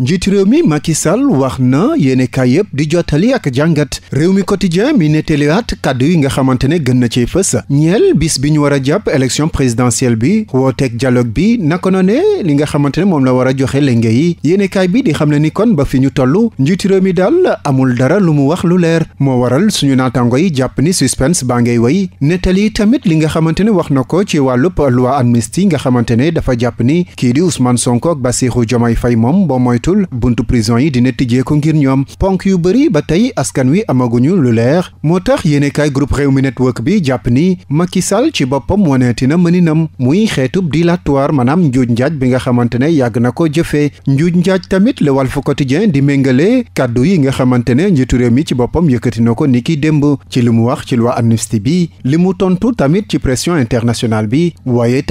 njiitu réew mi kii Sall wax na yéenekaay yëpp di jottali ak jàngat réew mi quotidien mi nettaliwaat kàddu yi nga xamante ne gën na ci fës ñeel bis bi ñu war a jàpp élection présidentielle bi wooteeg dialogue bi naka na ne li nga xamante ne moom la war a joxe lenge yi yéenekaay bi di xam ne ni kon ba fi ñu toll njiitu réew mi daal amul dara lu mu wax lu leer moo waral suñu naataango yi jàpp ni suspense baa ngay way nettali tamit li nga xamante ne wax na ko ci wàllub loi amnistie nga xamante ne dafa jàpp ni kii di Ousmane Sonko ak Bassirou Diomaye Faye moom moytul buntu prison yi dina tijjee ko ngir ñoom ponk yu bari ba tey askan wi amaguñu lu leer moo tax yéenekaay groupe Rewmi Network bi jàpp ni ki sal ci boppam woneeti na mëninam muy xeetub dilatoire maanaam njuuj njaaj bi nga xamante ne yàgg na ko jëfee njuuj njaaj tamit le Walf Quotidien di méngale kàddu yi nga xamante ne njiitu réew mi ci boppam yëkkati na ko ni ki démb ci li mu wax ci loi amnistie bi li mu tontu tamit ci pression internationale bi waaye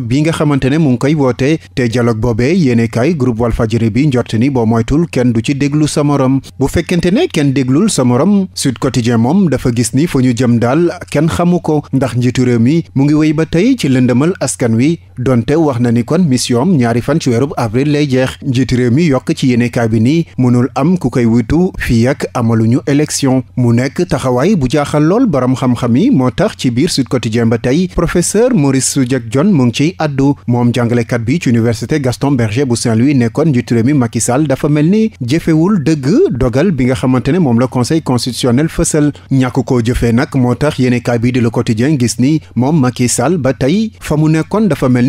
bi nga xamante ne mu ngi koy woote te njort ni boo moytul kenn du ci déglu sa morom bu fekkente ne kenn déglul sa morom Sud Quotidien moom dafa gis ni fa ñu jëm daal kenn xamu ko ndax njiitu réew mi mu ngi wéy ba tey ci lëndëmal askan wi donte wax na ni kon mission ñaari fan ci weerub avril lay jeex njiitu réew mi yokk ci yéenekaay bi nii mënul am ku koy wutu fii ak amaluñu élection mu nekk taxawaay bu jaaxal lool borom xam-xam yi moo tax ci biir Sud Quotidien ba tey professeur Maurice Soudieck Dione mu ngi ciy addu moom jàngalekat bi ci université Gaston Berger bu Saint-Louis nekkoon njiitu mi Macky Sall dafa mel ni jëfewul dëgg dogal bi nga xamante ne moom la conseil constitutionnel fësal ñàkk koo jëfee nag moo tax yéenekaay bi di Le Quotidien gis ni moom Macky Sall ba tey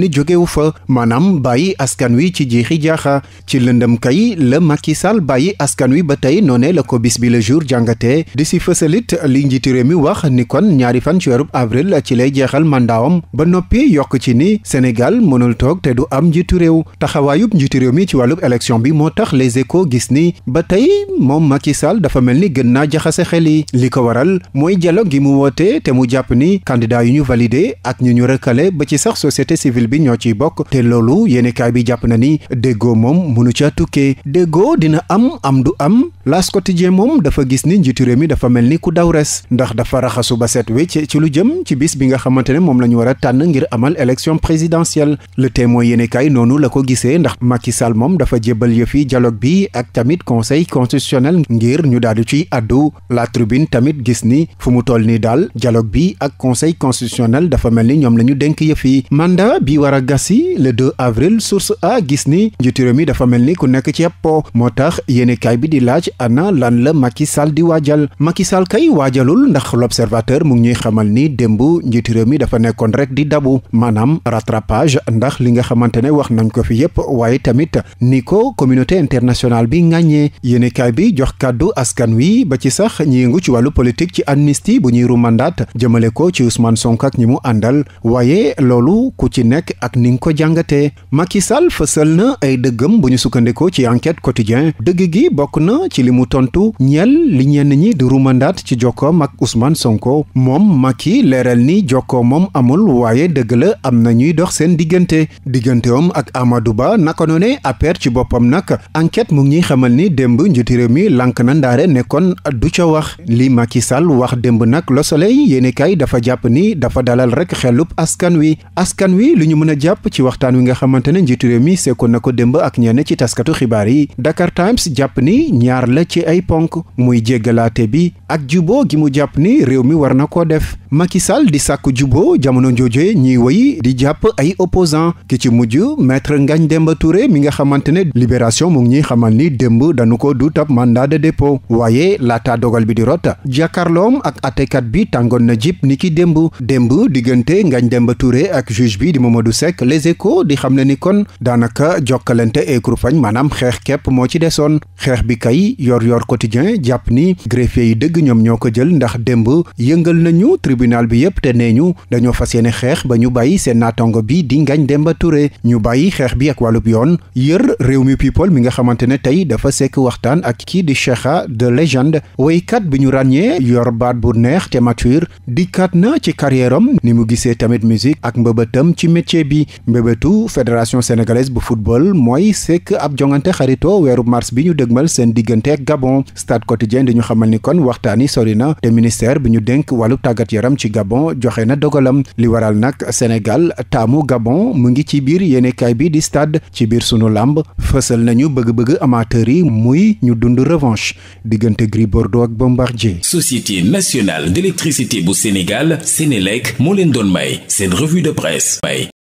ni jógewu fa maanaam bàyyi askan wi ci jiixi jaaxa ci lëndëm kay la Macky Sall bàyyi askan wi ba tey noonee la ko bis bi la jour jàngatee di si fësalit li njiiti réew mi wax ni kon ñaari fan ci weerub avril ci lay jeexal mandaawam ba noppi yokk ci ni Sénégal mënul toog te du am njiitu réew taxawaayub njiitu réew mi ci wàllu élection bi moo tax les ko gis ni ba tey moom Macky Sall dafa mel ni gën naa jaxase xel yi li ko waral mooy dialogue gi mu woote te mu jàpp ni candidat yu ñu validé ak ñu ñu rëkkale ba bi ñoo ciy bokk te loolu yéenekaay bi jàpp na ni déggoo moom mënu ca tukkee déggoo dina am am du am L'As Quotidien moom dafa gis ni njiitu réew mi dafa mel ni ku daw res ndax dafa raxasu ba set wecc ci lu jëm ci bis bi nga xamante ne moom la ñu war a tànn ngir amal élection présidentielle Le Témoin yéenekaay noonu la ko gisee ndax Macky Sall moom dafa jébbal yëfi dialogue bi ak tamit conseil constitutionnel ngir ñu daal di ciy addu La Tribune tamit gis ni fu mu toll ni daal dialogue bi ak conseil dafa mel ni ñoom la dénk bi a le 2 avril source a gis ni njiitu réew dafa mel ni ku nekk ci po moo tax yéenekaay bi di laaj ana lan la Macky Sall di waajal Macky Sall kay waajalul ndax l'observateur mu ngi ñuy xamal ni démb njiitu réew mi dafa nekkoon rek di dabu maanaam ratrapage ndax li nga xamante ne wax nañ ko fi yépp waaye tamit ni ko communauté internationale bi ŋàññee yéenekaay bi jox kàddu askan wi ba ci sax ñi yëngu ci wàllu politique ci amnistie bu ñuy rumandaat jëmale ko ci Ousmane ak ñi mu àndal nekk ak ni nga ko jàngatee Macky Sall fësal na ay dëggam bu ñu sukkandikoo ci enquête quotidien dëgg gi bokk na ci li mu tontu ñeel li ñenn ñi di rumandaat ci jokkoom ak Ousmane Sonko moom Macky leeral ni jokkoo moom amul waaye dëgg la am na ñuy dox seen diggante digganteem ak amadu Ba naka noone APR ci boppam nag enquête mu ngi ñuy xamal ni démb njiitu mi lànk na ndaare nekkoon du ca wax li Macky Sall wax démb nag Le Soleil yéenekaay dafa jàpp ni dafa dalal rek xelub askan askan wi ñu mën a jàpp ci waxtaan wi nga xamante ne njiitu réew mi na ko démb ak ñenn ci taskatu xibaar yi Dakar Times jàpp ni ñaar la ci ay ponk muy jéggalaate bi ak juboo gi mu jàpp ni réew mi war na koo def Macky Sall di sàkk juboo jamono jooje ñuy woy di jàpp ay opposant ki ci mujj maître ngañ Demba Touré mi nga xamante ne Libération mu ñuy xamal ni demb dañu ko du tab mandat de dépôt waaye laata dogal bi di rot jàkkaarloom ak atekat bi tàngoon na jip ni ki demb démb diggante Ngagne Demba Touré ak juge bi di Mamadou Mamadou Seck les échos di xam ne ni kon daanaka jokkalante et Groupama maanaam xeex kepp moo ci desoon xeex bi kay yor yor quotidien jàpp ni greffier yi dëgg ñoom ñoo ko jël ndax démb yëngal nañu tribunal bi yépp te nee ñu dañoo fas yéene xeex ba ñu bàyyi seen naatango bi di Ngagne Demba Touré ñu bàyyi xeex bi ak wàllub yoon yër réew mi people mi nga xamante ne tey dafa sekk waxtaan ak kii di Cheikha de légende woykat bi ñu ràññee yor baat bu neex te mature dikkaat na ci carrière am ni mu métier bi mbébétu fédération sénégalaise bu football mooy sekk ab jongante xaritoo weeru mars bi ñu dëgmal seen diggante ak Gabon stade quotidien di ñu xamal ni kon waxtaani sori na te ministère bi ñu dénk walu tàggat yaram ci Gabon joxe na dogalam li waral nag Sénégal taamu Gabon mu ngi ci biir yéenekaay bi di stade ci biir sunu làmb fësal nañu bëgg-bëgg amateur yi muy ñu dund revanche diggante Gris Bordeaux ak Bombardier. Société nationale d'électricité bu Sénégal Sénélec moo leen doon may seen